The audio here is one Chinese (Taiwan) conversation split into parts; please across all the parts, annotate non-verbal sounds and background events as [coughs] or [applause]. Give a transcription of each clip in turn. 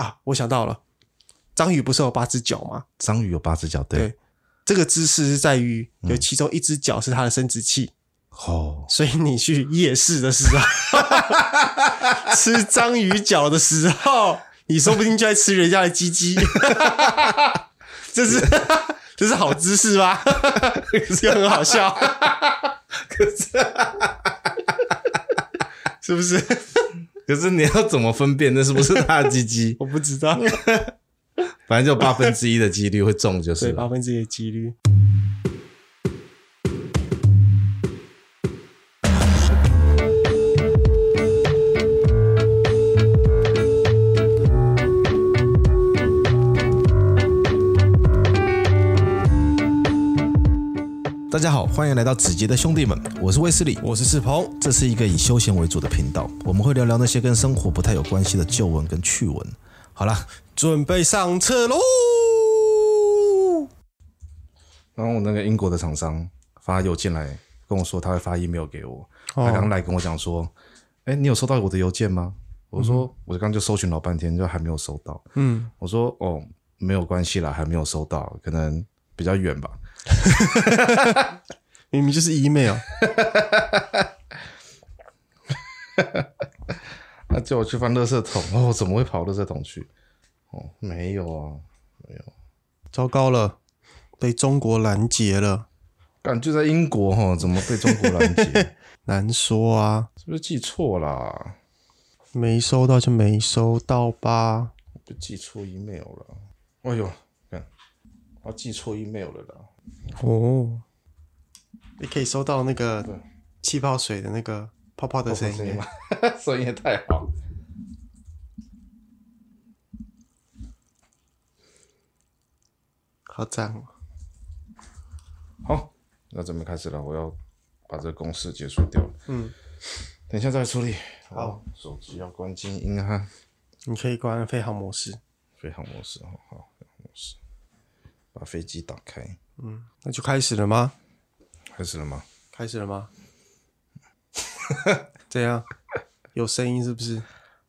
啊，我想到了，章魚不是有八隻腳嗎？章魚有八隻腳，對。這個知識是在於有其中一隻腳是它的生殖器，哦、嗯。所以你去夜市的時候，哦、 [laughs] 吃章魚腳的時候，你說不定就在吃人家的雞雞， [laughs] 這是這是好知識嗎？ [laughs] 又很好笑，可是，是不是？可是你要怎麼分辨那是不是他的雞雞？ [laughs] 我不知道，反正就八分之一的幾率會中，就是了，對，八分之一的幾率。大家好，歡迎來到子杰的兄弟們，我是衛斯理，我是世鵬，這是一個以休閒為主的頻道，我們會聊聊那些跟生活不太有關係的舊聞跟趣聞。好啦，準備上車嘍。然後我那個英國的廠商發郵件來跟我說，他會發 email 給我。哦，他剛來跟我講說，哎，欸，你有收到我的郵件嗎？我說、嗯、我剛就搜尋了半天，就還沒有收到。嗯，我說哦，沒有關係啦，還沒有收到，可能比較遠吧。哈哈哈哈哈，明明就是 email，哈哈哈哈哈，哈哈，他叫我去翻垃圾桶哦？怎麼會跑垃圾桶去？哦，沒有啊，沒有。糟糕了，被中國攔截了。感覺在英國哈、哦？怎麼被中國攔截？ [laughs] 難說啊，是不是記錯了？沒收到就沒收到吧？就記錯 email 了？哎呦，看，我記錯 email 了啦！哦、oh, 欸，你可以收到那個氣泡水的那個泡泡的聲音，音嗎？聲音也太好，好讚哦！好，那咱們開始了，我要把這個公式結束掉。嗯，等一下再來處理。好，好手機要關靜音哈。你可以關飛航模式。飛航模式，好好，飛航模式，把飛機打開。嗯，那就開始了嗎？開始了嗎？開始了嗎？這 [laughs] 樣有聲音是不是？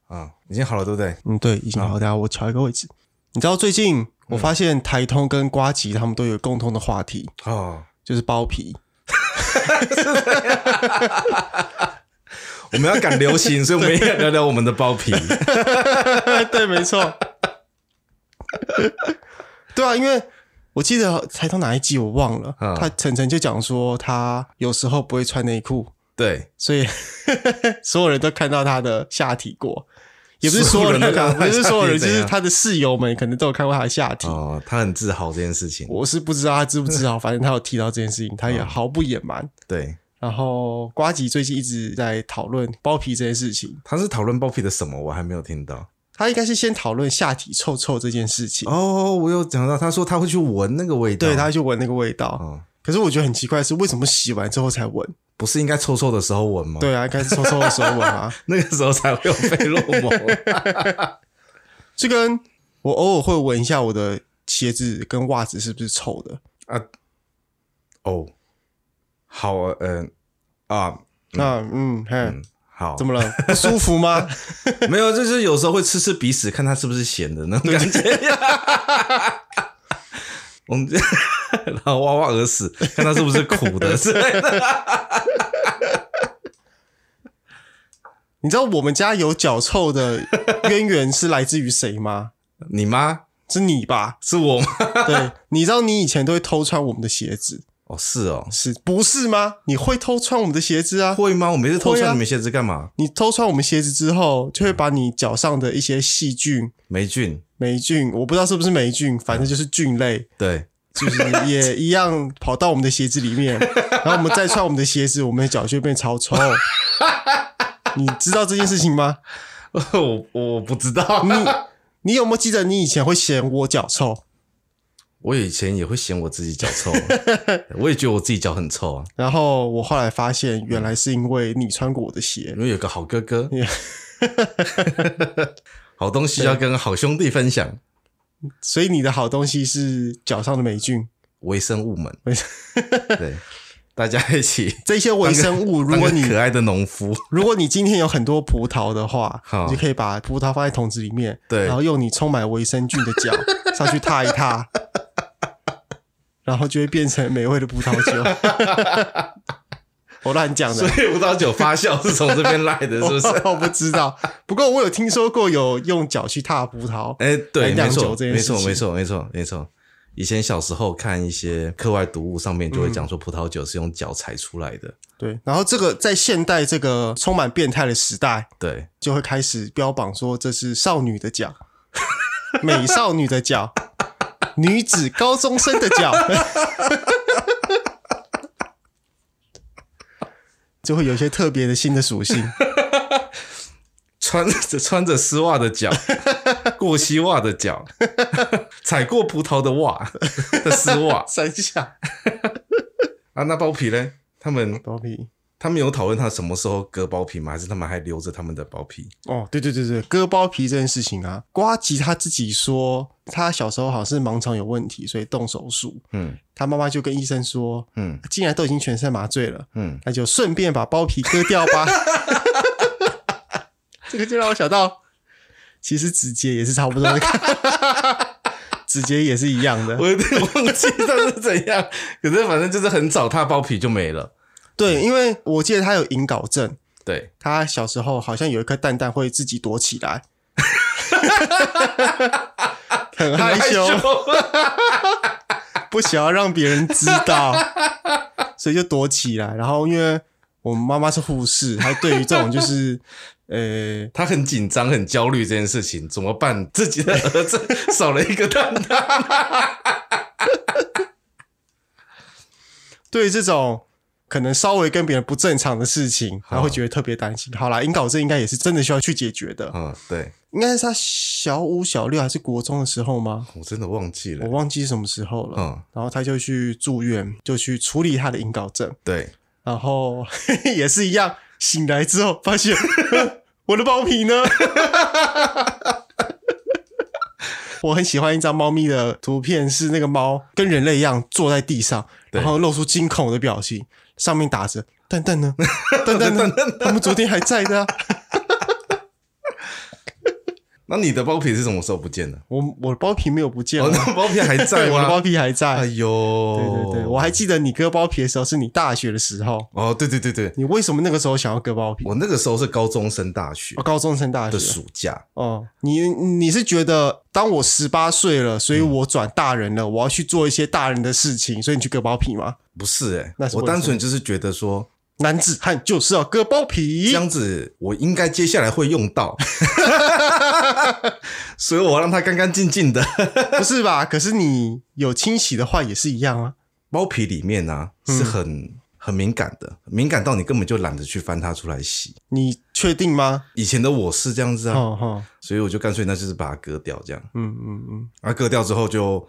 啊、嗯，已經好了，對不對？嗯，對，已經好了、哦。等一下，我調一個位置。你知道最近、嗯、我發現台通跟呱吉他們都有共通的話題哦、嗯，就是包皮。哦、 [laughs] 是怎樣 [laughs] [laughs] 我們要趕流行，所以我們也要聊聊我們的包皮。 [laughs] [laughs] 對，沒錯。 [laughs] [laughs] 對啊，因為。我記得台通哪一集我忘了，哦、他晨晨就講說他有時候不會穿內褲，對，所以 [laughs] 所有人都看到他的下體過，也不是所有人，不是所有人，就是他的室友們可能都有看過他的下體。哦，他很自豪這件事情。我是不知道他知不知道，反正他有提到這件事情，他也毫不隱瞞、哦。對，然後呱吉最近一直在討論包皮這件事情，他是討論包皮的什麼？我還沒有聽到。他應該是先討論下體臭臭這件事情。哦，我又講到他說他會去聞那個味道對，對他會去聞那個味道。嗯，可是我覺得很奇怪是，為什麼洗完之後才聞？不是應該臭臭的時候聞嗎？對啊，應該是臭臭的時候聞啊 [laughs] ，那個時候才會有被落膜 [laughs] 。 [laughs] 這個我偶爾會聞一下我的鞋子跟襪子是不是臭的啊,、oh, 啊？哦、呃，好、啊，嗯啊，嗯，嗯，哼好，怎麼了？不舒服嗎？ [laughs] 沒有，就是有時候會吃吃鼻屎，看他是不是鹹的那種感覺。 [laughs] [laughs] 然後挖挖耳屎，看他是不是苦的 [laughs] [laughs] 你知道我們家有腳臭的淵源是來自於誰嗎？你嗎？是你吧？是我嗎？ [laughs] 對，你知道你以前都會偷穿我們的鞋子。哦是哦，是不是嗎？你會偷穿我們的鞋子啊？會嗎？我每次偷穿你們鞋子幹嘛，啊？你偷穿我們鞋子之後，就會把你腳上的一些細菌、黴菌、黴菌，我不知道是不是黴菌，反正就是菌類，嗯。對，就是也一樣跑到我們的鞋子裡面， [laughs] 然後我們再穿我們的鞋子，我們的腳就會變超臭。 [laughs] 你知道這件事情嗎？我我不知道。你你有沒有記得你以前會嫌我腳臭？我以前也會嫌我自己腳臭， [laughs] 我也覺得我自己腳很臭啊。然後我後來發現，原來是因為你穿過我的鞋，因為有個好哥哥， [laughs] [laughs] 好東西要跟好兄弟分享。所以你的好東西是腳上的霉菌，微生物們。 [laughs] 對。大家一起這些微生物，如果你可愛的農夫，如果你今天有很多葡萄的話，你就可以把葡萄放在桶子裡面，對，然後用你充滿維生菌的腳 [laughs] 上去踏一踏， [laughs] 然後就會變成美味的葡萄酒。 [laughs] [laughs] 我亂講的，所以葡萄酒發酵是從這邊來的，是不是 [laughs] 我，我不知道。不過我有聽說過有用腳去踏葡萄，哎、欸，對，釀酒這件事情，沒錯，沒錯，沒錯，沒錯，沒錯。以前小時候看一些課外讀物，上面就會講說葡萄酒是用腳踩出來的。嗯，對，然後這個在現代這個充滿變態的時代，對，就會開始標榜說這是少女的腳，美少女的腳， [laughs] 女子高中生的腳， [laughs] 就會有一些特別的新的屬性。穿着穿着絲襪的腳，過膝襪的腳，踩過葡萄的襪的絲襪， [laughs] 三下。 [laughs] 啊，那包皮呢？他們包皮，他們有討論他什麼時候割包皮嗎？還是他們還留着他們的包皮？哦，對對對對，割包皮這件事情啊，呱吉他自己說，他小時候好像是盲腸有問題，所以動手術。嗯，他媽媽就跟醫生說，嗯，既然都已經全身麻醉了，嗯，那就順便把包皮割掉吧。 [laughs] 這個就讓我想到，其實指節也是差不多， [laughs] 指節也是一樣的。我有點忘記那是怎樣， [laughs] 可是反正就是很早，他包皮就沒了對。對，因為我記得他有隱睪症，對，他小時候好像有一顆蛋蛋會自己躲起來， [laughs] [laughs] 很害羞，害羞 [laughs] 不想要讓別人知道，所以就躲起來。然後因為我媽媽是護士，她對於這種就是，呃、 [laughs] 欸，她很緊張、很焦慮這件事情怎麼辦？自己的兒子少了一個蛋蛋， [laughs] [laughs] 對於這種可能稍微跟別人不正常的事情，她會覺得特別擔心、哦。好啦，隱睪症應該也是真的需要去解決的。嗯、哦，對，應該是他小五、小六還是國中的時候嗎？我真的忘記了，我忘記什麼時候了。嗯、哦，然後他就去住院，就去處理他的隱睪症。對。然後也是一樣，醒來之後發現我的包皮呢？ [laughs] 我很喜歡一張貓咪的圖片，是那個貓跟人類一樣坐在地上，然後露出驚恐的表情，上面打着“蛋蛋呢，蛋蛋呢”， [laughs] 他們昨天還在的啊。 [laughs] 那你的包皮是什麼時候不見的？我我的包皮沒有不見了，我、哦、包皮還在嗎， [laughs] 我的包皮還在。哎呦，對對對，我還記得，你割包皮的時候是你大學的時候。哦，對對對對，你為什麼那個時候想要割包皮？我那個時候是高中升，大學，哦，高中升大學的暑假。哦，你你是覺得當我十八歲了，所以我轉大人了、嗯，我要去做一些大人的事情，所以你去割包皮嗎？不是、欸，誒。哎，我單純就是覺得說。男子漢就是要割包皮，這樣子我應該接下來會用到 [laughs] [laughs] 所以，我讓它乾乾淨淨的，不是吧？可是你有清洗的話也是一樣啊。包皮裡面呢、啊、是很、嗯、很敏感的，敏感到你根本就懶得去翻它出來洗。你確定嗎？以前的我是這樣子啊，哦哦所以我就乾脆那就是把它割掉，這樣。嗯嗯嗯、啊，而割掉之後就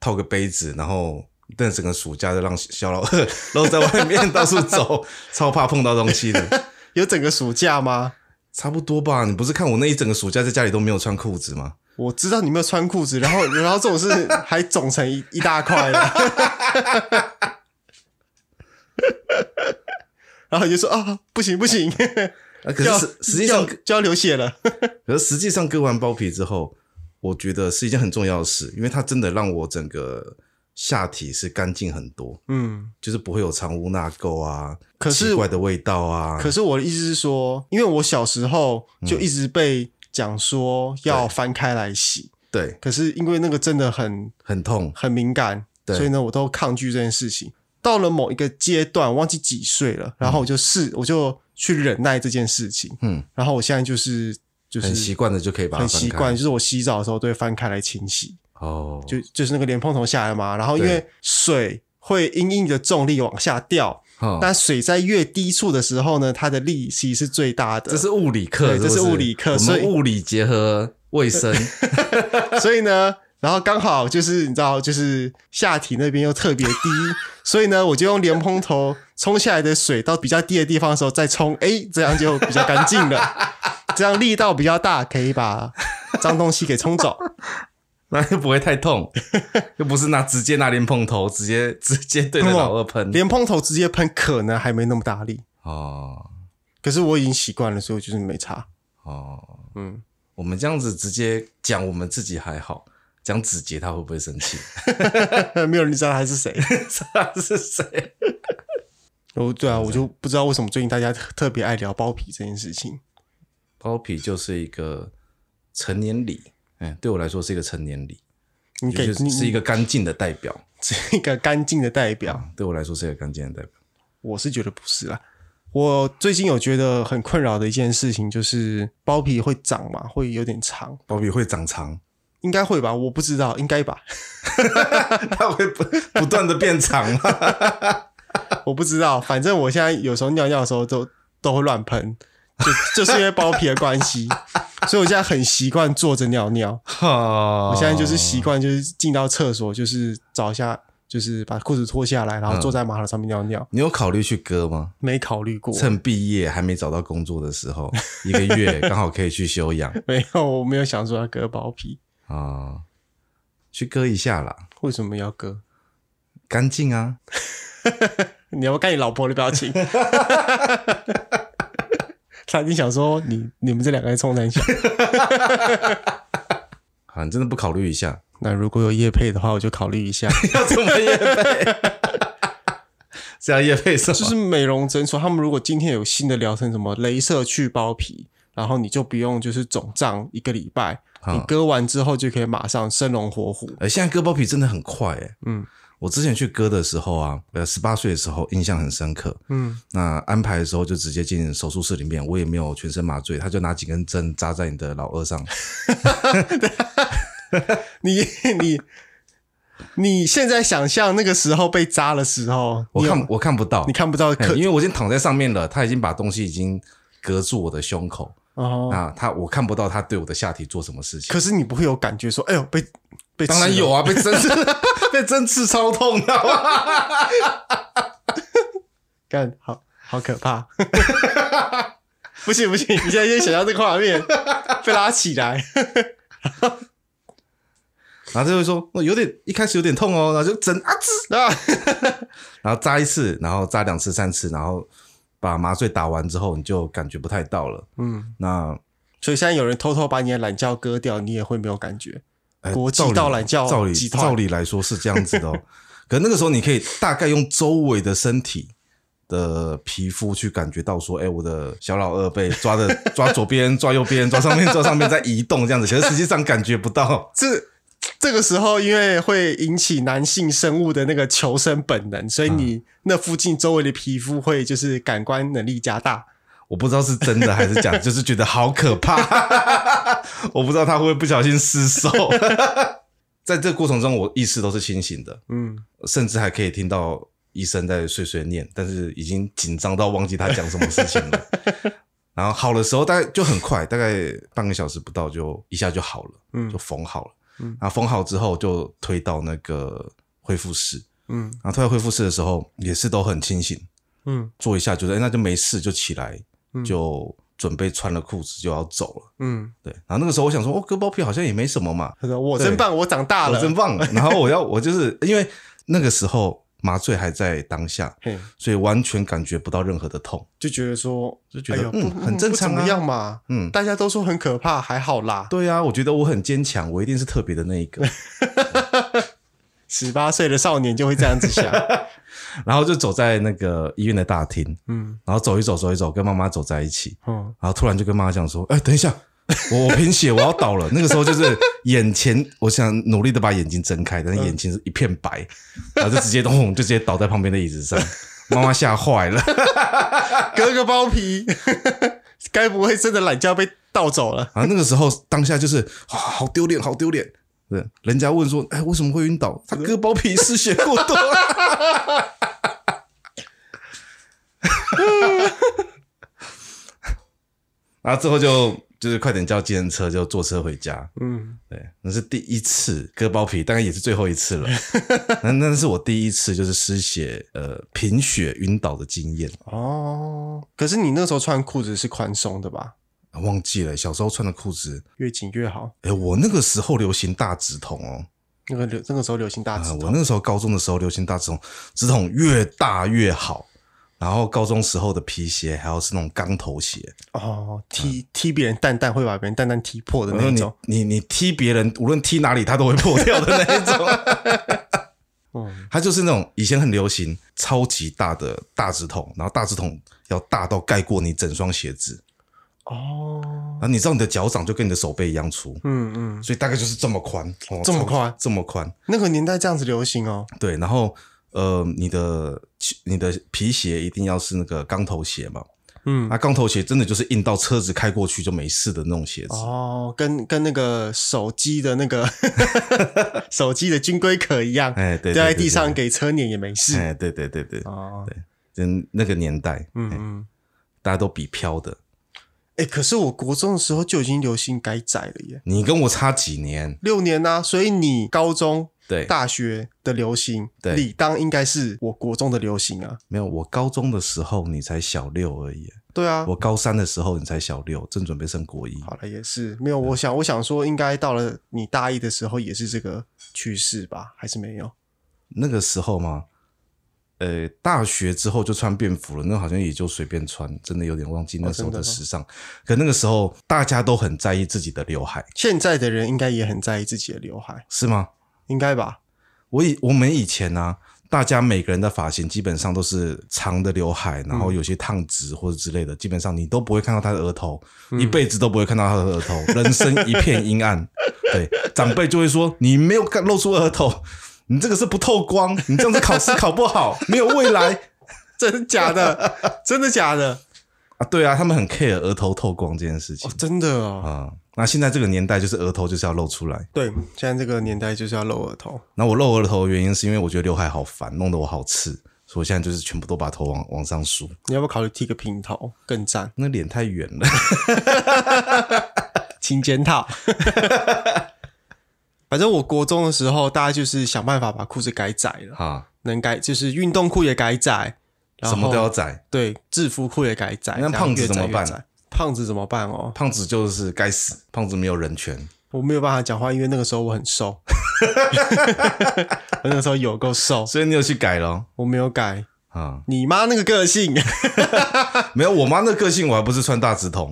套個杯子，然後。但整個暑假都讓小老二露在外面到處走， [laughs] 超怕碰到東西的。 [laughs] 有整個暑假嗎？差不多吧。你不是看我那一整個暑假在家裡都沒有穿褲子嗎？我知道你沒有穿褲子，然後然後這種事還腫成一 [laughs] 一大塊了。 [laughs] [laughs] [laughs] 然後你就說啊、哦，不行不行，啊、可是 [laughs] 實際上就,就要流血了。 [laughs] 可是實際上割完包皮之後，我覺得是一件很重要的事，因為它真的讓我整個。下體是乾淨很多，嗯，就是不會有藏污納垢啊，可是，奇怪的味道啊。可是我的意思是說，因為我小時候就一直被講說要翻開來洗，嗯，對，對。可是因為那個真的很很痛、很敏感，對，所以呢，我都抗拒這件事情。到了某一個階段，我忘記幾歲了，然後我就試，嗯，我就去忍耐這件事情，嗯。然後我現在就是就是很習慣的就可以把它。很習慣，就是我洗澡的時候都會翻開來清洗。哦、oh,，就就是那個蓮蓬頭下來嘛，然後因為水會因應著重力往下掉，但水在越低處的時候呢，它的力氣是最大的。這是物理課，這是物理課，所以物理結合衛生，所以， [laughs] 所以呢，然後剛好就是你知道，就是下體那邊又特別低， [laughs] 所以呢，我就用蓮蓬頭沖下來的水到比較低的地方的時候再沖，哎、欸，這樣就比較乾淨了， [laughs] 這樣力道比較大，可以把髒東西給沖走。那又不會太痛，又不是拿直接拿蓮蓬頭，直接直接對着老二噴，蓮蓬頭直接噴可能還沒那麼大力哦。可是我已經習慣了，所以我就是沒差。哦。嗯，我們這樣子直接講我們自己還好，講子杰他會不會生氣？ [laughs] 沒有人知道他是誰， [laughs] 他是誰？哦，對啊，我就不知道為什麼最近大家特別愛聊包皮這件事情。包皮就是一個成年禮。哎、欸，對我來說是一個成年禮，你給是，是一個乾淨的代表，是一個乾淨的代表，嗯。對我來說是一個乾淨的代表，我是覺得不是啦。我最近有覺得很困擾的一件事情就是包皮會長嘛，會有點長。包皮會長長？應該會吧？我不知道，應該吧？它 [laughs] [laughs] 會不不斷的變長嗎？ [laughs] [laughs] 我不知道，反正我現在有時候尿尿的時候都都會亂噴。 [laughs] 就就是因為包皮的關係，所以我現在很習慣坐着尿尿。 [laughs] 我現在就是習慣，就是進到廁所，就是找一下，就是把褲子脫下來，然後坐在馬桶上面尿尿。嗯、你有考慮去割嗎？沒考慮過。趁畢業還沒找到工作的時候，一個月剛好可以去休養。 [laughs] 沒有，我沒有想說要割包皮啊、嗯。去割一下啦。為什麼要割？乾淨啊！ [laughs] 你要不看你老婆的表情？ [laughs] 他你想說你你們這兩個在沖淡下，好，你真的不考慮一下？那如果有業配的話，我就考慮一下。 [laughs] [laughs] 要怎麼業配？這樣業配什麼，就是美容診所，他們如果今天有新的療程，什麼雷射去包皮，然後你就不用就是腫脹一個禮拜。哦，你割完之後就可以馬上生龍活虎。哎、呃，現在割包皮真的很快。欸、嗯。我之前去割的時候啊，呃，十八歲的時候印象很深刻。嗯，那安排的時候就直接進手術室裡面，我也沒有全身麻醉，他就拿幾根針扎在你的老二上。哈哈哈！哈哈！哈哈！你你你現在想象那個時候被扎的時候，我看你我看不到，你看不到，可、欸、因為我已經躺在上面了，他已經把東西已經隔住我的胸口。哦，那他我看不到他對我的下體做什麼事情。可是你不會有感覺說，哎呦，被。被當然有啊，被針刺， [laughs] 被針刺超痛的 [laughs] 幹，幹好好可怕， [laughs] 不行不行，你現在先想象這畫面， [laughs] 被拉起來， [laughs] 然後就會說，有點一開始有點痛哦、喔，然後就整，啊， [laughs] 然後扎一次，然後扎兩次、三次，然後把麻醉打完之後，你就感覺不太到了。嗯，那所以現在有人偷偷把你的懶覺割掉、嗯，你也會沒有感覺。照、哎、理來照理照理來說是這樣子的，哦。可那個時候你可以大概用周圍的身體的皮膚去感覺到說，哎、欸，我的小老二被抓的，抓左邊抓右邊抓上面抓上面在移動這樣子，可是實際上感覺不到。這這個時候，因為會引起男性生物的那個求生本能，所以你那附近周圍的皮膚會就是感官能力加大、嗯。我不知道是真的還是假的，就是覺得好可怕。 [laughs] 我不知道他會不會不小心失手， [laughs] 在這過程中我意識都是清醒的，嗯，甚至還可以聽到醫生在碎碎念，但是已經緊張到忘記他講什麼事情了。然後好的時候大概就很快，大概半個小時不到就一下就好了，嗯，就縫好了。嗯，然後縫好之後就推到那個恢復室，嗯，然後推到恢復室的時候也是都很清醒，嗯，做一下覺得、欸、那就沒事，就起來，嗯，就。準備穿了褲子就要走了。嗯，對。然後那個時候我想說，哦，割包皮好像也沒什麼嘛。他說：“我真棒，我長大了，我真棒。”然後我要， [laughs] 我就是因為那個時候麻醉還在當下、嗯，所以完全感覺不到任何的痛，就覺得說，就覺得、哎、嗯，很正常、啊，的樣嘛。嗯，大家都說很可怕，還好啦。對啊，我覺得我很堅強，我一定是特別的那一個。十八歲的少年就會這樣子想。 [laughs] 然後就走在那個醫院的大廳，嗯，然後走一走，走一走，跟媽媽走在一起，嗯，然後突然就跟媽媽講說，哎、欸，等一下，我，我貧血，我要倒了。 [laughs] 那個時候就是眼前，我想努力的把眼睛睜開，但是眼前是一片白，嗯，然後就直接咚， [laughs] 就直接倒在旁邊的椅子上，媽媽嚇壞了，割 [laughs] [laughs] 個包皮， [laughs] 該不會真的懶覺被盜走了？然後那個時候當下就是好丟臉，好丟臉。對，人家問說：“哎、欸，為什麼會暈倒？他割包皮失血過多。”哈哈哈哈哈！哈然後之後就就是快點叫計程車，就坐車回家。嗯，對，那是第一次割包皮，當然也是最後一次了。那 [laughs] 那是我第一次就是失血，呃，貧血暈倒的經驗。哦，可是你那時候穿褲子是寬鬆的吧？啊、忘記了小時候穿的褲子越緊越好。哎、欸，我那個時候流行大直筒哦、喔，那個流那個時候流行大直筒。啊、我那個時候高中的時候流行大直筒，直筒越大越好。然後高中時候的皮鞋還有是那種鋼頭鞋哦，踢踢別人蛋蛋會把別人蛋蛋踢破的那種。你你，你踢別人無論踢哪裡它都會破掉的那一種。 [laughs] [laughs] 嗯，它就是那種以前很流行超級大的大直筒，然後大直筒要大到蓋過你整雙鞋子。哦，那你知道你的腳掌就跟你的手背一樣粗，嗯嗯，所以大概就是這麼寬、哦，這麼寬，這麼寬。那個年代這樣子流行哦。對，然後呃，你的你的皮鞋一定要是那個鋼頭鞋嘛，嗯，那、啊、鋼頭鞋真的就是硬到車子開過去就沒事的那種鞋子。哦、oh,，跟跟那個手機的那個 [laughs] 手機的軍規殼一樣，哎，掉在地上給車碾也沒事。哎，對對對對，哦、欸，對,對,對,對，就、oh. 那個年代，嗯嗯，欸、大家都比飄的。哎、欸，可是我國中的時候就已經流行改仔了耶。你跟我差幾年？六年吶、啊，所以你高中、對大學的流行，理當應該是我國中的流行啊。沒有，我高中的時候你才小六而已。對啊，我高三的時候你才小六，正準備升國一。好了，也是沒有。我想，我想說，應該到了你大一的時候也是這個趨勢吧？還是沒有？那個時候嗎？呃，大學之後就穿便服了，那個、好像也就隨便穿，真的有點忘記那時候的時尚。哦、可那個時候大家都很在意自己的劉海，現在的人應該也很在意自己的劉海，是嗎？應該吧。我以我們以前呢、啊，大家每個人的髮型基本上都是長的劉海，然後有些燙直或者之類的、嗯，基本上你都不會看到他的額頭，一輩子都不會看到他的額頭、嗯，人生一片陰暗。 [laughs] 對，長輩就會說你沒有露出額頭。你這個是不透光，你這樣子考試考不好， [laughs] 沒有未來。真的假的？真的假的？啊，對啊，他們很 care 額頭透光這件事情，哦、真的哦。啊、嗯！那現在這個年代就是額頭就是要露出來，對，現在這個年代就是要露額頭。那我露額頭的原因是因為我覺得劉海好煩，弄得我好刺，所以我現在就是全部都把頭往往上梳。你要不要考慮剃個平頭更贊？那臉太圓了， [laughs] [laughs] 請檢討。 [laughs] 反正我國中的時候，大家就是想辦法把褲子改窄了啊，能改就是運動褲也改窄，然後，什麼都要窄。對，制服褲也改窄。那胖子,越窄越窄越窄。胖子怎麼辦？胖子怎麼辦哦？胖子就是該死，胖子沒有人權。我沒有辦法講話，因為那個時候我很瘦， [laughs] [laughs] 我那個時候有夠瘦，所以你有去改了？我沒有改啊，你媽那個個性， [laughs] 沒有我媽那個個性，我還不是穿大直筒，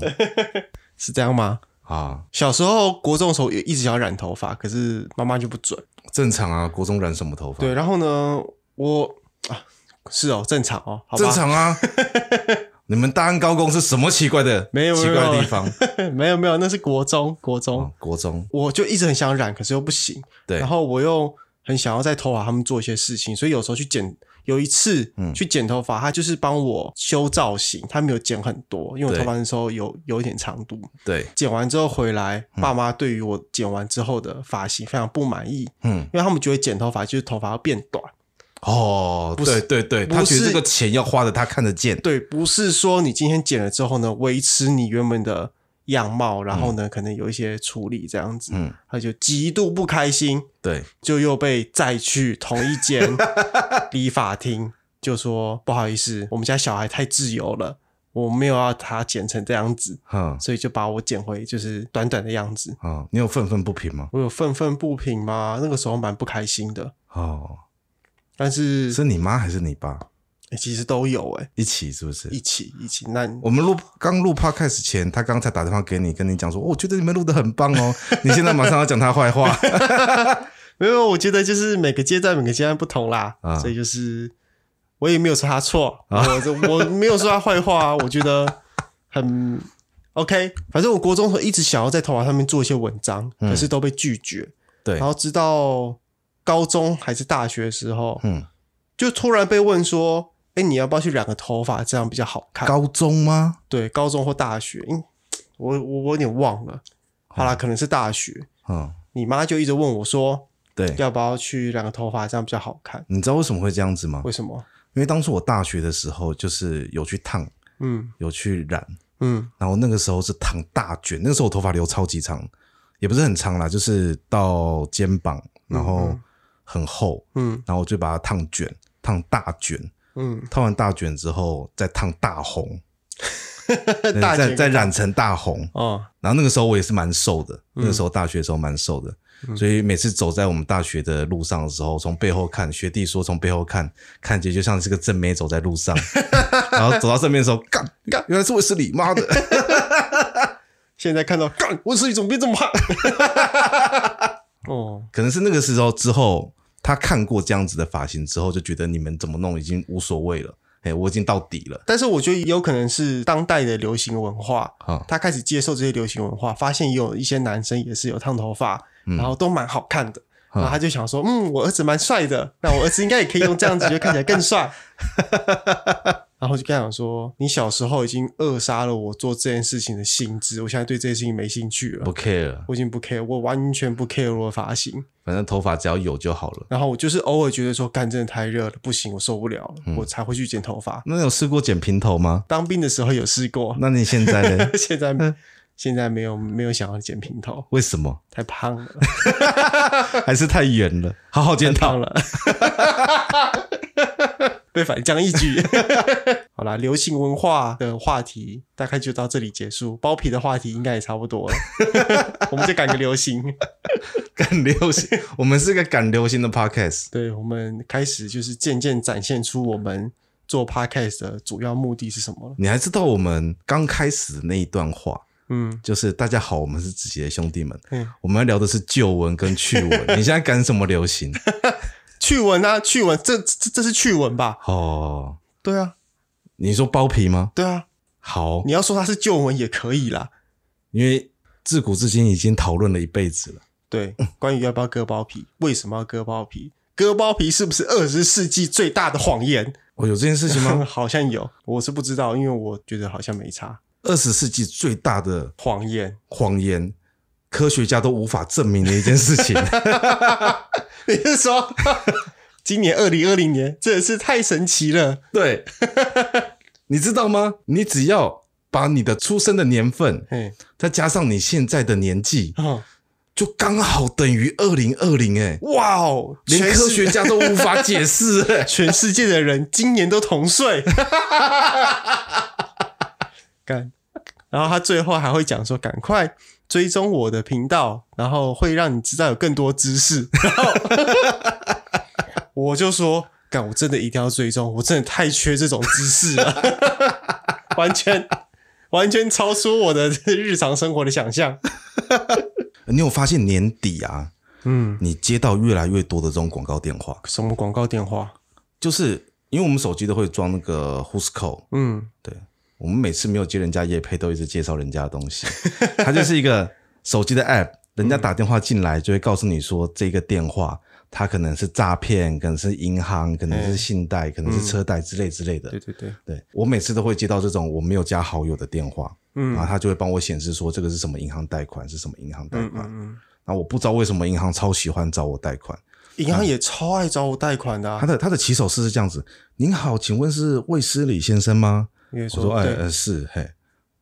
[laughs] 是這樣嗎？啊！小時候國中的時候也一直想要染頭髮，可是媽媽就不准。正常啊，國中染什麼頭髮？對，然後呢，我啊，是哦，正常哦，好吧，正常啊。 [laughs] 你們大安高工是什麼奇怪的？沒有，沒有奇怪的地方。 [laughs] 沒有沒有，那是國中，國中、哦，國中。我就一直很想染，可是又不行。對，然後我又很想要在頭髮他們做一些事情，所以有時候去剪。有一次去剪頭髮、嗯，他就是幫我修造型，他沒有剪很多，因為我頭髮那時候有有一點長度。對，剪完之後回來，嗯、爸媽對於我剪完之後的髮型非常不滿意。嗯，因為他們覺得剪頭髮就是頭髮要變短。哦，對對對，他覺得這個錢要花的他看得見。對，不是說你今天剪了之後呢，維持你原本的樣貌，然後呢、嗯，可能有一些處理這樣子，嗯，他就極度不開心，對，就又被載去同一間 [laughs] 理髮廳，就說不好意思，我們家小孩太自由了，我沒有要他剪成這樣子，嗯，所以就把我剪回就是短短的樣子，嗯，你有憤憤不平嗎？我有憤憤不平嗎？那個時候蠻不開心的，哦，但是是你媽還是你爸？其實都有哎、欸，一起是不是？一起一起。那我們錄剛錄 Podcast 開始前，他剛才打電話給你，跟你講說、哦，我覺得你們錄的很棒哦。 [laughs] 你現在馬上要講他壞話， [laughs] [laughs] 沒有？我覺得就是每個階段，每個階段不同啦。啊、所以就是我也沒有說他錯、啊，我我我沒有說他壞話啊。 [laughs] 我覺得很 OK。反正我國中一直想要在頭髮上面做一些文章、嗯，可是都被拒絕。對。然後直到高中還是大學的時候，嗯，就突然被問說。哎、欸，你要不要去染個頭髮？這樣比較好看。高中嗎？對，高中或大學。嗯，我我我有點忘了、嗯。好啦，可能是大學。嗯，你媽就一直問我說：“對，要不要去染個頭髮？這樣比較好看。”你知道為什麼會這樣子嗎？為什麼？因為當初我大學的時候，就是有去燙，嗯，有去染，嗯，然後那個時候是燙大捲。那個時候我頭髮留超級長，也不是很長啦，就是到肩膀，然後很厚，嗯，嗯，然後我就把它燙捲，燙大捲。嗯，燙完大卷之後再燙大紅，再 [laughs] 再跟 [laughs] 染成大紅。哦，然後那個時候我也是蠻瘦的，嗯、那個時候大學的時候蠻瘦的，嗯、所以每次走在我們大學的路上的時候，從背後看，學弟說從背後看，看起來就像是個正妹走在路上。 [laughs] 然後走到正面的時候，嘎 [laughs] 嘎，原來是衛斯理媽的。 [laughs] 現在看到，嘎，衛斯理怎麼變這麼胖？ [laughs] 哦，可能是那個時候之後。之後他看過這樣子的髮型之後，就覺得你們怎麼弄已經無所謂了。誒，我已經到底了。但是我覺得也有可能是當代的流行文化。哦，他開始接受這些流行文化，發現也有一些男生也是有燙頭髮，然後都蠻好看的。嗯。然後他就想說，嗯，我兒子蠻帥的，那我兒子應該也可以用這樣子，就 [laughs] 看起來更帥。 [laughs] 然後就跟他講說，你小時候已經扼殺了我做這件事情的心智，我現在對這件事情沒興趣了。不 care 了，我已經不 care，我完全不 care 我的髮型，反正頭髮只要有就好了。然後我就是偶爾覺得說，幹真的太熱了，不行，我受不了了，嗯，我才會去剪頭髮。那你有試過剪平頭嗎？當兵的時候有試過。那你現在呢？ [laughs] 現在沒。 [laughs] 現在沒有沒有想要剪平頭，為什麼？太胖了， [laughs] 還是太圓了？好好檢討了， [laughs] [laughs] 被反將一軍。 [laughs] 好啦，流行文化的話題大概就到這裡結束。包皮的話題應該也差不多了， [laughs] 我們就趕個流行，趕 [laughs] 流行。我們是一個趕流行的 podcast。對，我們開始就是漸漸展現出我們做 podcast 的主要目的是什麼了。你還知道我們剛開始那一段話？嗯，就是大家好，我們是自己的兄弟們。嗯，我們要聊的是舊聞跟趣聞。 [laughs] 你現在趕什麼流行？ [laughs] 趣聞啊，趣聞，這這這是趣聞吧？哦，對啊。你說包皮嗎？對啊。好，你要說它是舊聞也可以啦，因為自古至今已經討論了一輩子了。對、嗯，關於要不要割包皮，為什麼要割包皮，割包皮是不是二十世紀最大的謊言？我、哦哦、有這件事情嗎？ [laughs] 好像有，我是不知道，因為我覺得好像沒差。二十世紀最大的謊言，謊言，科學家都無法證明的一件事情 [laughs] 你是說， [laughs] 今年二零二零年，真的是太神奇了。對， [laughs] 你知道嗎？你只要把你的出生的年份，再加上你現在的年紀，就剛好等於二零二零。哎，哇哦，wow，連科學家都無法解釋欸， [laughs] 全世界的人今年都同歲。 [laughs] 幹，然後他最後還會講說：“趕快追蹤我的頻道，然後會讓你知道有更多知識。”然後我就說：“幹，我真的一定要追蹤，我真的太缺這種知識了，完全完全超出我的日常生活的想象。”你有發現年底啊，嗯，你接到越來越多的這種廣告電話？什麼廣告電話？就是因為我們手機都會裝那個 Whoscall，嗯，對。我們每次沒有接人家業配，都一直介紹人家的東西。他就是一個手機的 app， [laughs] 人家打電話進來，就會告訴你說這個電話，它可能是詐騙，可能是銀行，可能是信貸，可能是車貸之類之類的。對對對，對我每次都會接到這種我沒有加好友的電話，然後他就會幫我顯示說這個是什麼銀行貸款，是什麼銀行貸款。那嗯嗯嗯，我不知道為什麼銀行超喜歡找我貸款，銀行也超愛找我貸款的、啊。他、嗯、的他的起手式是這樣子，您好，請問是衛斯理先生嗎？說我說，哎，呃、是嘿。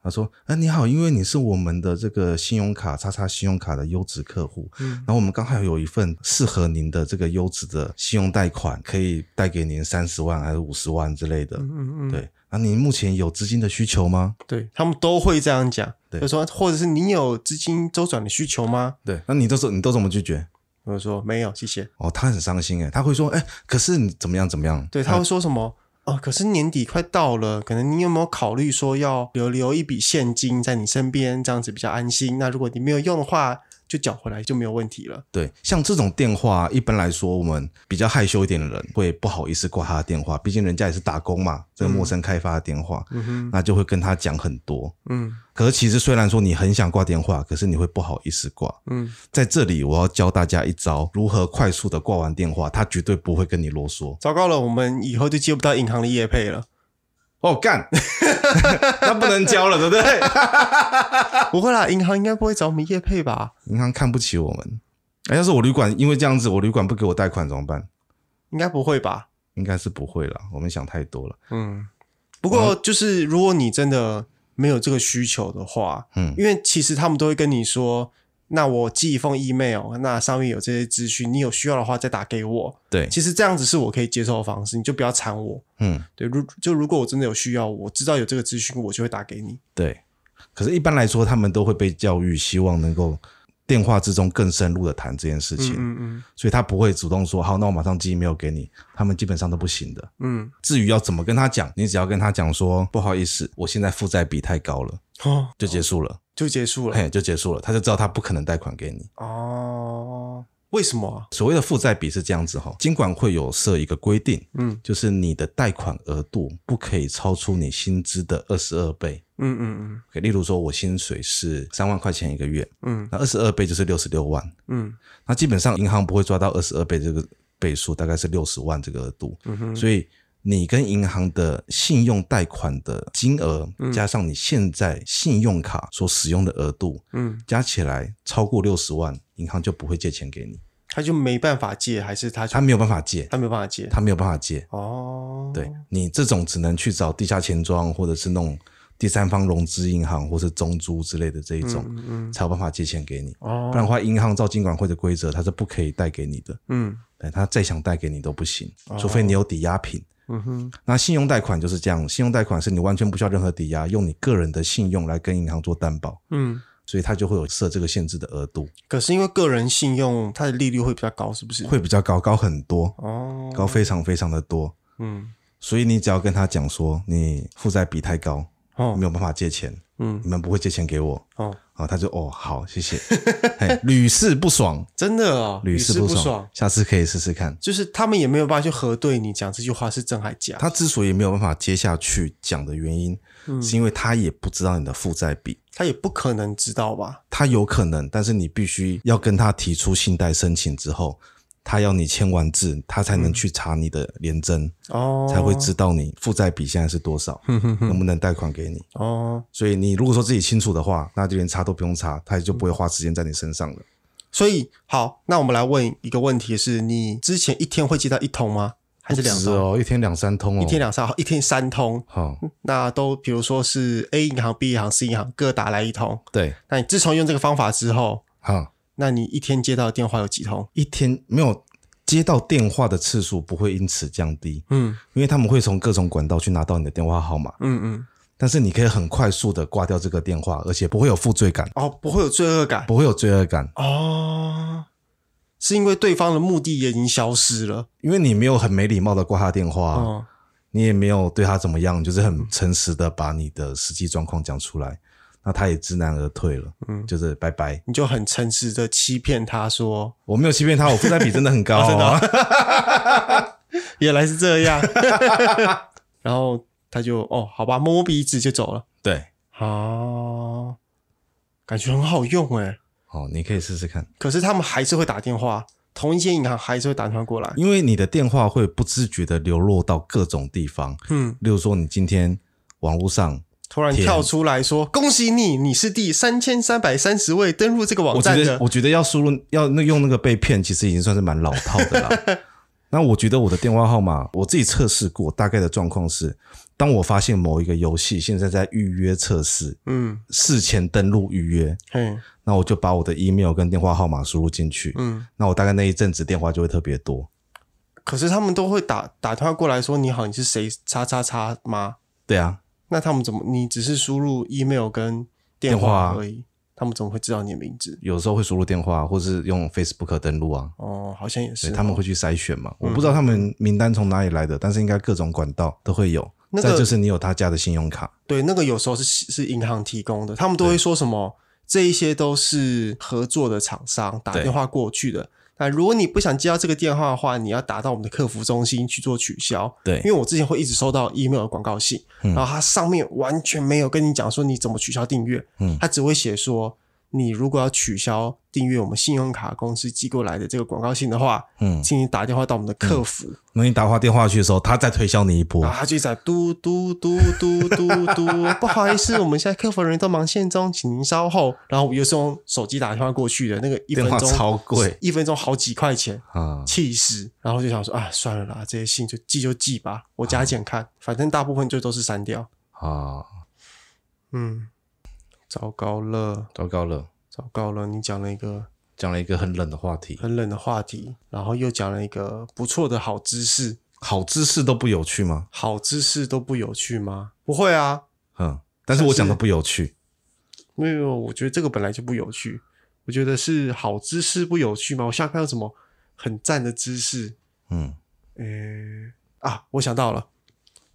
他說，哎，你好，因為你是我們的這個信用卡叉叉信用卡的優質客戶，嗯、然後我們剛好有一份適合您的這個優質的信用貸款，可以貸給您三十萬還是五十萬之類的。嗯嗯，嗯。對，那、啊、您目前有資金的需求嗎？對他們都會這樣講。對，他說或者是你有資金周轉的需求嗎？對，那你都說你都怎麼拒絕？我就說沒有，謝謝。哦，他很傷心誒，他會說，哎，可是你怎麼樣怎麼樣？對，他會說什麼？哎哦，可是年底快到了，可能你有沒有考慮說要留留一筆現金在你身邊，這樣子比較安心？那如果你沒有用的話。就繳回來就沒有問題了。對，像這種電話，一般來說我們比較害羞一點的人會不好意思掛他的電話，畢竟人家也是打工嘛，這個、陌生開發的電話，嗯、那就會跟他講很多。嗯，可是其實雖然說你很想掛電話，可是你會不好意思掛。嗯，在這裡我要教大家一招，如何快速的掛完電話，他絕對不會跟你囉嗦。糟糕了，我們以後就接不到銀行的業配了。哦、oh，幹！ [laughs] [laughs] 那不能交了， [laughs] 對不對？不會啦，銀行應該不會找我們業配吧？銀行看不起我們。哎，要是我旅館因為這樣子，我旅館不給我貸款怎麼辦？應該不會吧？應該是不會啦。我們想太多了。嗯，不過就是如果你真的沒有這個需求的話，嗯，因為其實他們都會跟你說。那我寄一封 email，那上面有這些資訊。你有需要的話，再打給我。對，其實這樣子是我可以接受的方式。你就不要纏我。嗯，對。如就如果我真的有需要，我知道有這個資訊，我就會打給你。對，可是一般來說，他們都會被教育，希望能夠。電話之中更深入的談這件事情。嗯，嗯嗯，所以他不會主動說，好，那我馬上寄，金沒有給你，他們基本上都不行的，嗯。至於要怎麼跟他講，你只要跟他講說，不好意思，我現在負債比太高了，哦，就結束了，哦，就結束了，嘿，就結束了，他就知道他不可能貸款給你，哦。為什麼啊？所謂的負債比是這樣子哈，金管會有設一個規定，嗯，就是你的貸款額度不可以超出你薪資的二十二倍，嗯嗯嗯。Okay, 例如說我薪水是三萬塊錢一個月，嗯，那二十二倍就是六十六萬，嗯，那基本上銀行不會抓到二十二倍這個倍數，大概是六十萬這個額度，嗯哼、嗯。所以你跟銀行的信用貸款的金額，嗯，加上你現在信用卡所使用的額度，嗯，加起來超過六十萬。銀行就不會借錢給你，他就沒辦法借，還是他就他沒有辦法借，他沒有辦法借，他沒有辦法借哦。對，你這種只能去找地下錢莊或者是那種第三方融資銀行或是中租之類的這一種，嗯嗯、才有辦法借錢給你。哦、不然的話，銀行照金管會的規則，它是不可以貸給你的。嗯，對，他再想貸給你都不行，除非你有抵押品。哦、嗯哼，那信用貸款就是這樣，信用貸款是你完全不需要任何抵押，用你個人的信用來跟銀行做擔保。嗯。所以他就會有設這個限制的額度。可是因為個人信用，它的利率會比較高，是不是？會比較高，高很多哦，高非常非常的多，嗯。所以你只要跟他講說，你負債比太高，哦，沒有辦法借錢，嗯，你們不會借錢給我，哦。哦，他就哦，好，謝謝，屢、 [laughs] 哎、屢試不爽，真的哦，屢試，試不爽，下次可以試試看。就是他們也沒有辦法去核對你講這句話是真還假。他之所以沒有辦法接下去講的原因、嗯，是因為他也不知道你的負債比，他也不可能知道吧？他有可能，但是你必須要跟他提出信貸申請之後。他要你簽完字，他才能去查你的聯徵哦，才會知道你負債比現在是多少，哦、能不能貸款給你哦。所以你如果說自己清楚的話，那就連查都不用查，他就不會花時間在你身上了。所以好，那我們來問一個問題是：是你之前一天會接到一通嗎？還是兩通哦？一天兩三通哦？一天兩三一天三通。好、哦，那都比如說是 A 銀行、B 銀行、C 銀行各打來一通。對，那你自從用這個方法之後，哦那你一天接到的電話有幾通？一天沒有接到電話的次數不會因此降低。嗯，因為他們會從各種管道去拿到你的電話號碼。嗯嗯。但是你可以很快速的掛掉這個電話，而且不會有負罪感哦，不會有罪惡感，不會有罪惡感哦。是因為對方的目的也已經消失了，因為你沒有很沒禮貌的掛他的電話，嗯，你也沒有對他怎麼樣，就是很誠實的把你的實際狀況講出來。那他也知難而退了，嗯，就是拜拜。你就很誠實的欺騙他說，我沒有欺騙他，我負債比真的很高，啊、 [laughs] 哦。真的 [laughs] 原來是這樣，哈哈哈。然後他就哦，好吧，摸摸鼻子就走了。對，好，啊，感覺很好用哎。哦，你可以試試看。可是他們還是會打電話，同一間銀行還是會打電話過來，因為你的電話會不自覺的流落到各種地方。嗯，例如說你今天網絡上。突然跳出來說：“恭喜你，你是第三千三百三十位登錄這個網站的。”我覺得，我覺得要輸入要那用那個被騙，其實已經算是蠻老套的了。 [laughs] 那我覺得我的電話號碼我自己測試過，大概的狀況是：當我發現某一個遊戲現在在預約測試，嗯，事前登錄預約，嗯，那我就把我的 email 跟電話號碼輸入進去，嗯，那我大概那一陣子電話就會特別多。可是他們都會打打電話過來說：“你好，你是誰？”，“叉叉叉嗎？”“對啊。”那他們怎麼，你只是輸入 email 跟電話而已電話、啊，他們怎麼會知道你的名字？有時候會輸入電話，或是用 Facebook 登錄啊。哦，好像也是對，他們會去篩選嘛。我不知道他們名單從哪裡來的，嗯、但是應該各種管道都會有。那個、再就是你有他家的信用卡，對，那個有時候是是銀行提供的，他們都會說什麼，這一些都是合作的廠商打電話過去的。但如果你不想接到這個電話的話，你要打到我們的客服中心去做取消。對，因為我之前會一直收到 email 的廣告信，嗯，然後它上面完全沒有跟你講說你怎麼取消訂閱，嗯，它只會寫說。你如果要取消訂閱我們信用卡公司寄過來的這個廣告信的話，嗯，請你打電話到我們的客服。那、嗯、你打話電話去的時候，他再推銷你一波啊？他就在嘟嘟嘟嘟嘟嘟、嘟， [laughs] 不好意思，我們現在客服人員都忙線中，請您稍後。然後我又是用手機打電話過去的，那個一分鐘超貴，一分鐘好幾塊錢啊，氣、嗯、死！然後就想說啊、哎，算了啦，這些信就寄就寄吧，我加減看，嗯、反正大部分就都是刪掉啊，嗯。糟糕了，糟糕了，糟糕了！你講了一個講了一個很冷的話題，很冷的話題，然後又講了一個不錯的好知識，好知識都不有趣嗎？好知識都不有趣嗎？不會啊，嗯，但是我講的不有趣，沒有，我覺得這個本來就不有趣，我覺得是好知識不有趣嗎？我想看有什麼很贊的知識，嗯，誒、呃，啊，我想到了，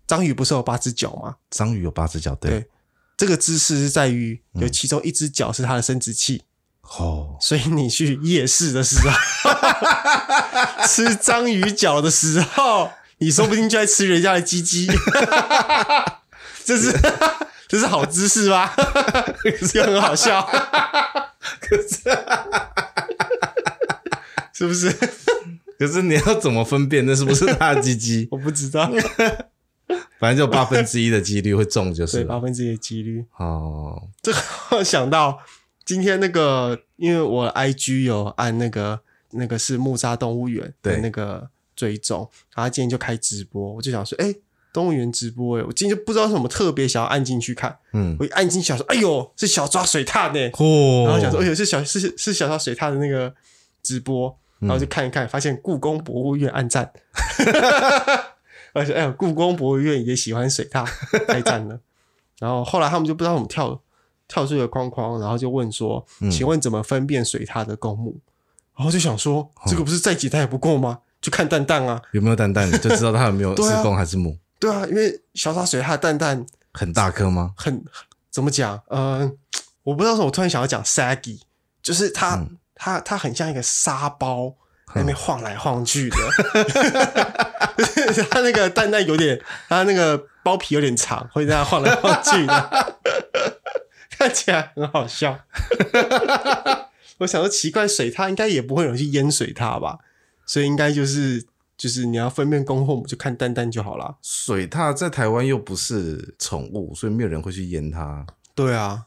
章魚不是有八隻腳嗎？章魚有八隻腳，對。對這個知識，是在於有其中一隻腳是他的生殖器哦、嗯，所以你去夜市的時候哈哈哈哈吃章魚腳的時候，你說不定就愛吃人家的雞雞， [laughs] 這是哈哈這是好知識吧？可是， [laughs] 這是又很好笑，哈哈哈可是哈哈哈是不是？可是你要怎麼分辨那是不是他的雞雞？ [laughs] 我不知道。反正就八分之一的幾率會中，就是 [laughs] 對八分之一的幾率。哦，這個我想到今天那個，因為我 I G 有按那個那個是木柵動物園的那個追蹤，然後今天就開直播，我就想說，哎、欸，動物園直播誒、欸，我今天就不知道是什麼特別，想要按進去看。嗯，我一按進去想說，哎呦，是小抓水獺呢、欸，oh. 然後想說，哎、欸、呦，是小是是小抓水獺的那個直播，然後就看一看，嗯、發現故宮博物院按讚。 [laughs] 而且，哎呀，故宮博物院也喜歡水獺太贊了。 [laughs] 然後後來他們就不知道怎麼跳，跳出個框框，然後就問說：“請問怎麼分辨水獺的公母、嗯？”然後就想說：“這個不是再簡單也不過嗎、哦？就看蛋蛋啊，有沒有蛋蛋，就知道它有沒有是公還是母。 [laughs] 對啊”對啊，因為小沙水獺蛋蛋很大顆嗎？很怎麼講？嗯、呃，我不知道麼，我突然想要講 saggy，就是它，它、嗯，它很像一個沙包。那邊晃來晃去的 [laughs] [laughs] 他那個蛋蛋有點，他那個包皮有點長，會在那晃來晃去的， [laughs] 看起來很好笑。 [laughs] 我想說，奇怪，水獺應該也不會有人去淹水獺吧？所以應該就是就是你要分辨公母，就看蛋蛋就好了。水獺在台灣又不是寵物，所以沒有人會去淹它。對啊。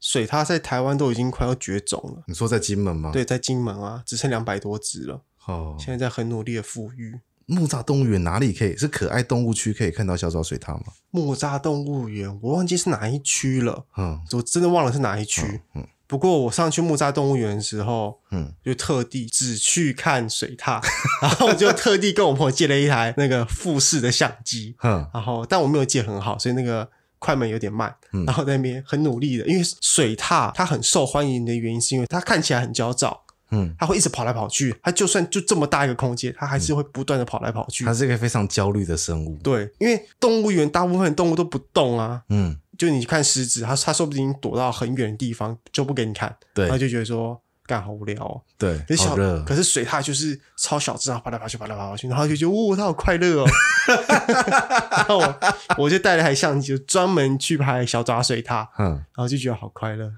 水獺在台灣都已經快要絕種了。你說在金門嗎？對，在金門啊，只剩兩百多隻了。哦、oh,，現在在很努力的復育。木柵動物園哪裡可以？是可愛動物區可以看到小爪水獺嗎？木柵動物園，我忘記是哪一區了。嗯，我真的忘了是哪一區，嗯嗯。嗯，不過我上去木柵動物園的時候，嗯，就特地只去看水獺， [laughs] 然後我就特地跟我朋友借了一台那個富士的相機。嗯，然後但我沒有借很好，所以那個。快門有點慢，然後在那邊很努力的，嗯，因為水獺它很受歡迎的原因，是因為它看起來很焦躁，嗯，它會一直跑來跑去，它就算就這麼大一個空間，它還是會不斷的跑來跑去，嗯，它是一個非常焦慮的生物，對，因為動物園大部分的動物都不動啊，嗯，就你看獅子，它它說不定躲到很遠的地方就不給你看，對，它就覺得說。幹好無聊哦、喔，對，可是小的可是水獺就是超小隻，然後啪啦啪去，啪啦啪去，然後就覺得哇、哦，它好快樂哦、喔。 [laughs] [laughs] 然後我就帶了台相機，專門去拍小爪水獺，嗯，然後就覺得好快樂。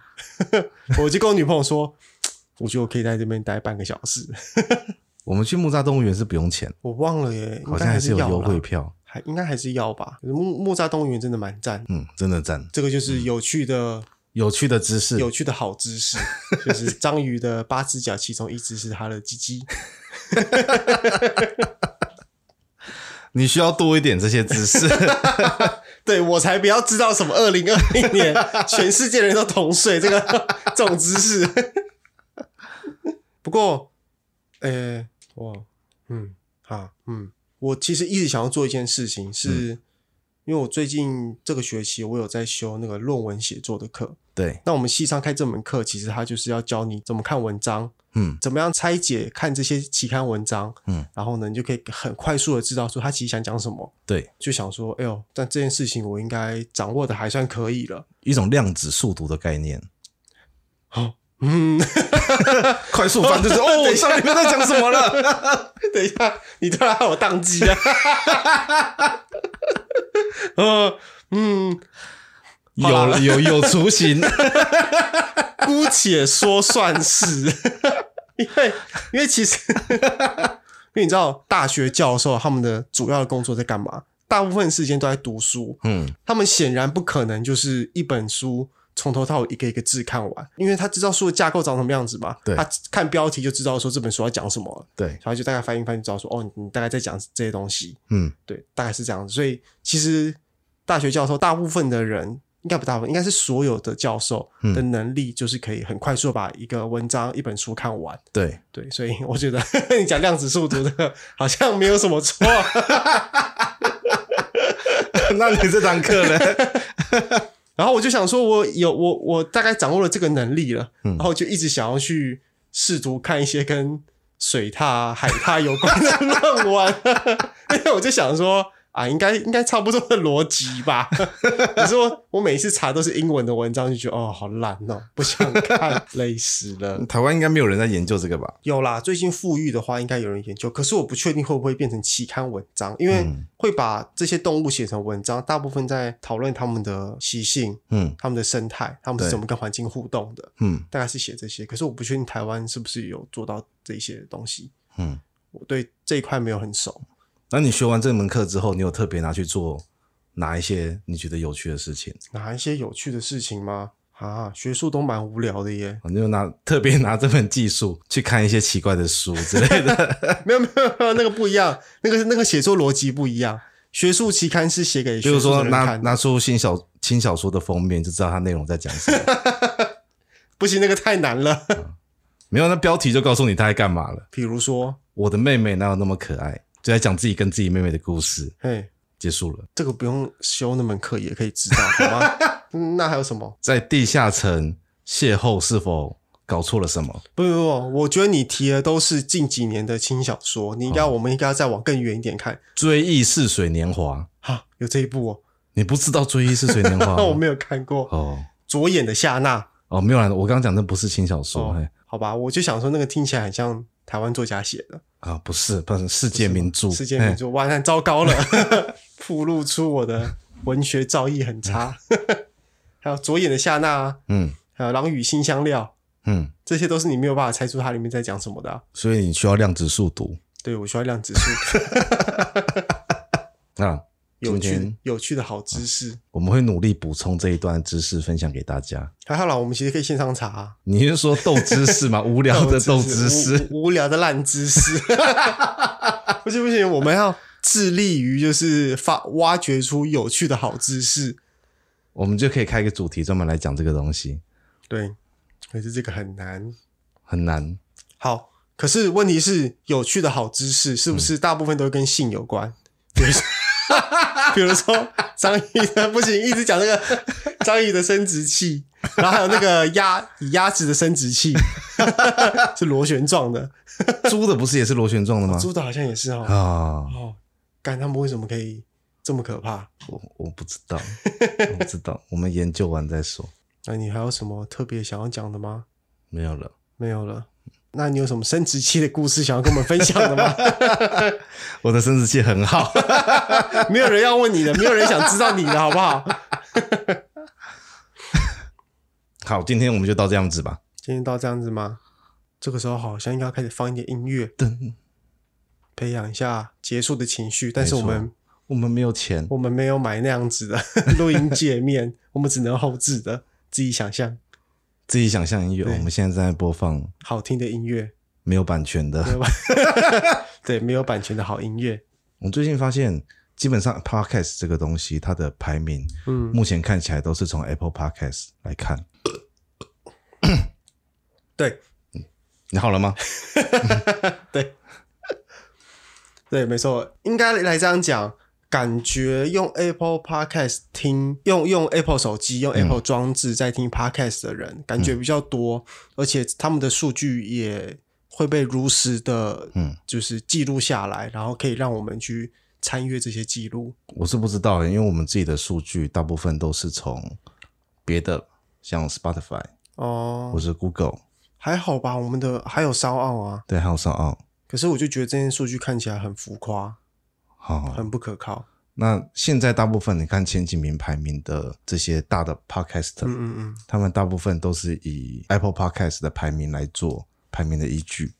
[laughs] 我就跟我女朋友說， [laughs] 我覺得我可以在這邊待半個小時。 [laughs] 我們去木柵動物園是不用錢，我忘了耶，應該還是要好像還是有優惠票，還應該還是要吧。木木柵動物園真的蠻讚，嗯，真的讚。這個就是有趣的、嗯。有趣的知識，有趣的好知識，就是章魚的八隻腳，其中一隻是它的雞雞。 [laughs] [laughs] 你需要多一點這些知識。 [laughs] [laughs] 對，我才不要知道什麼二零二零年全世界人都同睡這個這種知識。 [laughs] 不過，哎、欸，哇，嗯，好、啊，嗯，我其實一直想要做一件事情是。嗯因為我最近這個學期我有在修那個論文寫作的課，對。那我們系上開這門課，其實他就是要教你怎麼看文章，嗯，怎麼樣拆解看這些期刊文章，嗯，然後呢，你就可以很快速的知道說他其實想講什麼，對。就想說，哎呦，但這件事情我應該掌握的還算可以了，一種量子速讀的概念。好。嗯， [laughs] [laughs] 快速翻就是哦，我曉得你們在講什麼了。等一下， [laughs] 你突然讓我宕機，啊 [laughs] 呃嗯、了。呃嗯，有有有雛形， [laughs] 姑且說算是。 [laughs] 因為因為其實 [laughs] 因為你知道，大學教授他們的主要的工作在幹嘛？大部分時間都在讀書。嗯，他們顯然不可能就是一本書。從頭到尾一個一個字看完，因為他知道書的架構長什麼樣子嘛。對，他看標題就知道說這本書要講什麼了。對，然後就大概翻一翻，就知道說哦，你大概在講這些東西。嗯，對，大概是這樣子。所以其實大學教授大部分的人應該不大部分，應該是所有的教授的能力就是可以很快速的把一個文章一本書看完。對、嗯、對，所以我覺得 [laughs] 你講量子速讀的好像沒有什麼錯。 [laughs] [laughs] [laughs] 那你這堂課呢？ [laughs] 然後我就想說我，我有我我大概掌握了這個能力了、嗯，然後就一直想要去試圖看一些跟水獺、海獺有關的論文哈，因 [laughs] 為 [laughs] [laughs] 我就想說。啊，應該應該差不多的邏輯吧。你 [laughs] 說我，我每次查都是英文的文章，就覺得哦，好爛哦，不想看， [laughs] 累死了。台灣應該沒有人在研究這個吧？有啦，最近富裕的話，應該有人研究。可是我不確定會不會變成期刊文章，因為會把這些動物寫成文章，嗯，大部分在討論他們的習性，嗯，他們的生態，他們是怎麼跟環境互動的，嗯，大概是寫這些。可是我不確定台灣是不是有做到這些東西，嗯，我對這一塊沒有很熟。那你學完這門課之後，你有特別拿去做哪一些你覺得有趣的事情？哪一些有趣的事情嗎？啊，學術都蠻無聊的耶。你就拿特別拿這門技術去看一些奇怪的書之類的。 [laughs] 沒有沒有，沒有，那個不一樣， [laughs] 那個那個寫作邏輯不一樣。學術期刊是寫給學術的。比如說拿拿出新小輕小說的封面就知道它內容在講什麼。 [laughs] 不行，那個太難了。 [laughs] 嗯，沒有，那標題就告訴你他在幹嘛了。比如說，我的妹妹哪有那麼可愛。就在講自己跟自己妹妹的故事，嘿，結束了。這個不用修那門課也可以知道，好嗎、 [laughs] 嗯？那還有什麼？在地下城邂逅，是否搞錯了什麼？不不不，我覺得你提的都是近幾年的輕小說，你應該，我們應該再往更遠一點看，哦《追憶似水年華》。哈，有這一部哦。你不知道《追憶似水年華，》 [laughs] 我沒有看過哦。灼眼的夏娜。哦，沒有啊，我剛剛講的不是輕小說，哦，嘿，好吧，我就想說那個聽起來很像台灣作家寫的。啊，不是，不是世界名著，世界名著，哇，完全糟糕了，暴 [laughs] 露出我的文學造詣很差、嗯。還有左眼的夏娜、啊，嗯，還有狼與辛香料，嗯，這些都是你沒有辦法猜出它裡面在講什麼的、啊。所以你需要量子速讀，對，我需要量子速讀 [laughs] [laughs] 啊。有趣、有趣的好知識，嗯，我們會努力補充這一段知識，分享給大家。還好啦，我們其實可以線上查啊。你是說斗知識嘛，無聊的斗知， [laughs] 知識，無，無聊的爛知識。 [laughs] [laughs] 不行不行，我們要致力於就是發挖掘出有趣的好知識。 [laughs] 我們就可以開一個主題，專門來講這個東西。對，可是這個很難，很難。好，可是問題是，有趣的好知識是不是大部分都跟性有關？嗯 [laughs] 比如說章魚的不行，一直講那個章魚的生殖器，然後還有那個鴨鴨子的生殖器是螺旋狀的，豬的不是也是螺旋狀的嗎？哦？豬的好像也是哦。哦，幹、哦、他們為什麼可以這麼可怕？我我不知道，我不知道， [laughs] 我們研究完再說。那、呃、你還有什麼特別想要講的嗎？沒有了，沒有了。那你有什麼生殖器的故事想要跟我們分享的嗎？ [laughs] 我的生殖器很好 [laughs] 沒有人要問你的，沒有人想知道你的好不好。 [laughs] 好，今天我們就到這樣子吧。今天到這樣子嗎？這個時候好像應該要開始放一點音樂，等，培養一下結束的情緒。但是我們我們沒有錢，我們沒有買那樣子的錄音界面， [laughs] 我們只能後置的自己想象。自己想象音樂，我們現在正在播放好聽的音樂，沒有版權的，的 [laughs] 權的 [laughs] 對，沒有版權的好音樂。我最近發現，基本上 Podcast 這個東西，它的排名，嗯，目前看起來都是從 Apple Podcast 來看，嗯。 [coughs] 對，你好了嗎？ [laughs] [laughs] 對，對，沒錯，應該來這樣講。感覺用 Apple Podcast 聽用用 Apple 手機用 Apple 裝置在聽 Podcast 的人、嗯、感覺比較多、嗯，而且他們的數據也會被如實的，嗯，就是記錄下來、嗯，然後可以讓我們去參閱這些記錄。我是不知道的，因為我們自己的數據大部分都是從別的，像 Spotify 哦、呃，或是 Google，還好吧。我們的還有 SoundOn 啊，對，還有 SoundOn。可是我就覺得這些數據看起來很浮誇。好，很不可靠。那現在大部分，你看前幾名排名的這些大的 podcast，嗯嗯嗯，他們大部分都是以 Apple Podcast 的排名來做排名的依據。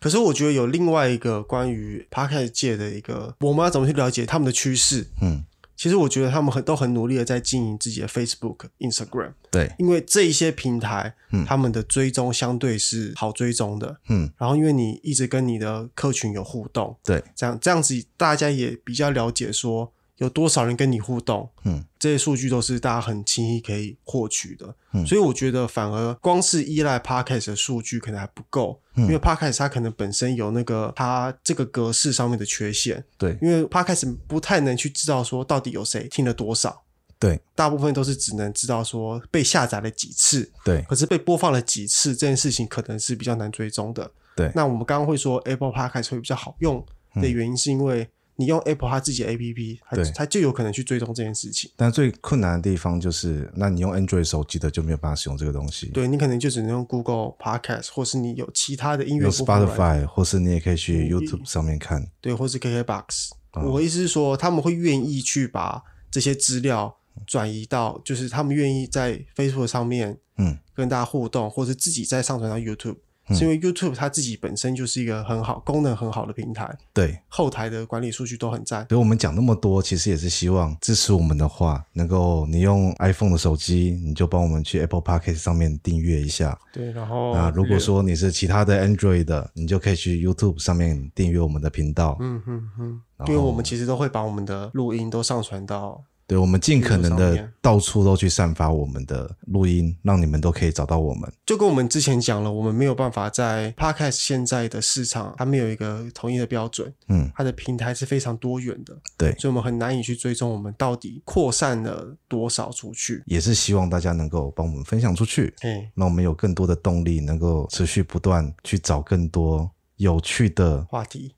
可是我覺得有另外一個關於 podcast 界的一個，我們要怎麼去了解他們的趨勢？嗯。其實我覺得他們很都很努力的在經營自己的 Facebook、Instagram，對，因為這一些平台，嗯，他們的追蹤相對是好追蹤的，嗯，然後因為你一直跟你的客群有互動，對，這樣這樣子大家也比較了解說有多少人跟你互動，嗯，這些數據都是大家很輕易可以獲取的，嗯，所以我覺得反而光是依賴 Podcast 的數據可能還不夠。因為 Podcast 它可能本身有那個它這個格式上面的缺陷，對，因為 Podcast 不太能去知道說到底有誰聽了多少，對，大部分都是只能知道說被下載了幾次，對，可是被播放了幾次這件事情可能是比較難追蹤的，對。那我們剛剛會說 Apple Podcast 會比較好用的原因，是因為。你用 Apple 它自己 APP，它就有可能去追蹤這件事情。但最困難的地方就是，那你用 Android 手機的就沒有辦法使用這個東西。對，你可能就只能用 Google Podcast，或是你有其他的音樂。有 Spotify，或是你也可以去 YouTube 上面看、嗯。對，或是 KKBox。我意思是說，他們會願意去把這些資料轉移到、嗯，就是他們願意在 Facebook 上面，嗯，跟大家互動，或是自己再上傳到 YouTube。是因為 YouTube 它自己本身就是一個很好、功能很好的平台，對後台的管理數據都很讚。所以我們講那麼多，其實也是希望支持我們的話，能夠你用 iPhone 的手機，你就幫我們去 Apple Podcast 上面訂閱一下。對，然後那如果說你是其他的 Android 的，你就可以去 YouTube 上面訂閱我們的頻道。嗯哼哼、嗯嗯，因為我們其實都會把我們的錄音都上傳到。對，我們儘可能的到處都去散發我們的錄音，讓你們都可以找到我們。就跟我們之前講了，我們沒有辦法在 Podcast 現在的市場，它沒有一個統一的標準，嗯，它的平台是非常多元的，對，所以我們很難以去追蹤我們到底擴散了多少出去。也是希望大家能夠幫我們分享出去，嗯，讓我們有更多的動力能夠持續不斷去找更多有趣的話題。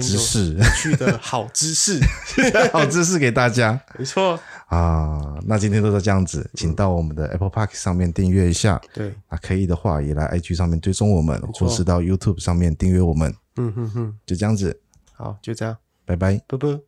知識有趣的好知識， [laughs] 好知識給大家。 [laughs] 沒錯啊，那今天都是這樣子，請到我們的 Apple Podcast 上面訂閱一下。對、嗯、啊，可以的話也來 IG 上面追蹤我們，或是到 YouTube 上面訂閱我們。嗯哼哼，就這樣子，好，就這樣，拜拜，拜拜。